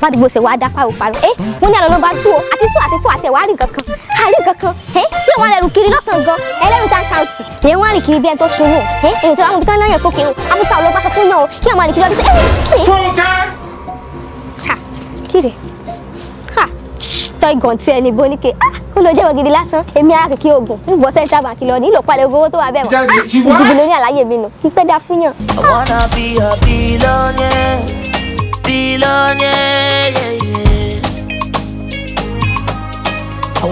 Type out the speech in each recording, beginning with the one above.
bádi bó ṣe wá dá fáwọn parun ẹ wọn ní àlọ́ nọmba tú o àti tú àti tú àti ẹ̀wá rí nǹkan kan àrí nǹkan kan ẹ eh, tí wọn rẹ̀ rù kiri lọ́sàn-án gan ẹlẹ́rìí tá káàsù yẹn wọn rìn kiri bí ẹni tó ṣubú ẹ eh, èyí tí wọn mú tán lọ́yàn kókè o amúta ọlọ́gbà sọ fún yàn o kí wọn rìn kiri lọ́dún sí ẹ. Fúnkẹ́. kíre tọ́ ìgàn tí ẹni bóníkè ah, ó lọ jẹ́wọ́ gidi lásán èmi arákìkí ogun ń bọ́ central bank lọ ní ìlòpalẹ̀ owó tó wà bẹ́ẹ̀ mọ́ ah, ìdìbò lórí àlàyé mi nù ń pẹ́ dá fún yàn. I wanna be a billionaire. Yeah.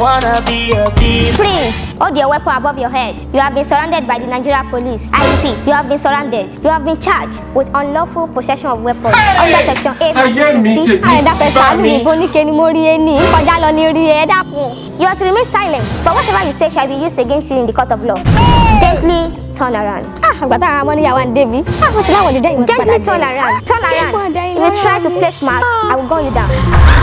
wanna be a thief. Please, hold your weapon above your head. You have been surrounded by the Nigeria police. I you have been surrounded. You have been charged with unlawful possession of weapons. Hey, Under section eight fifty. Àyẹ̀dá fẹ́ sàánú ìbò ní kẹ́ni mo rí ẹni. Kọjá lọ ní rí ẹ dákun. You are to remain silent, but whatever you say shall be used against you in the court of law. Gently turn around. Ah, àgbàtà àwọn ọmọnìyàwó and David. Ah, mo ti láwọn lè dá Gently turn around. Ah, turn around. If you try to place smart, I will gun you down.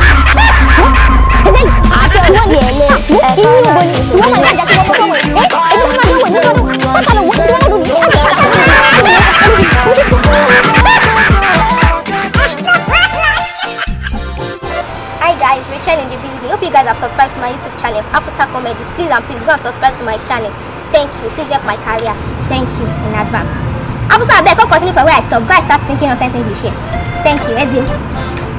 in the video hope you guys have subscribed to my youtube channel apusa comedy please and please go and subscribe to my channel thank you please help my career thank you in advance apusa abeg come continue from where i stop guys start thinking of sending english here thank you ezeoku.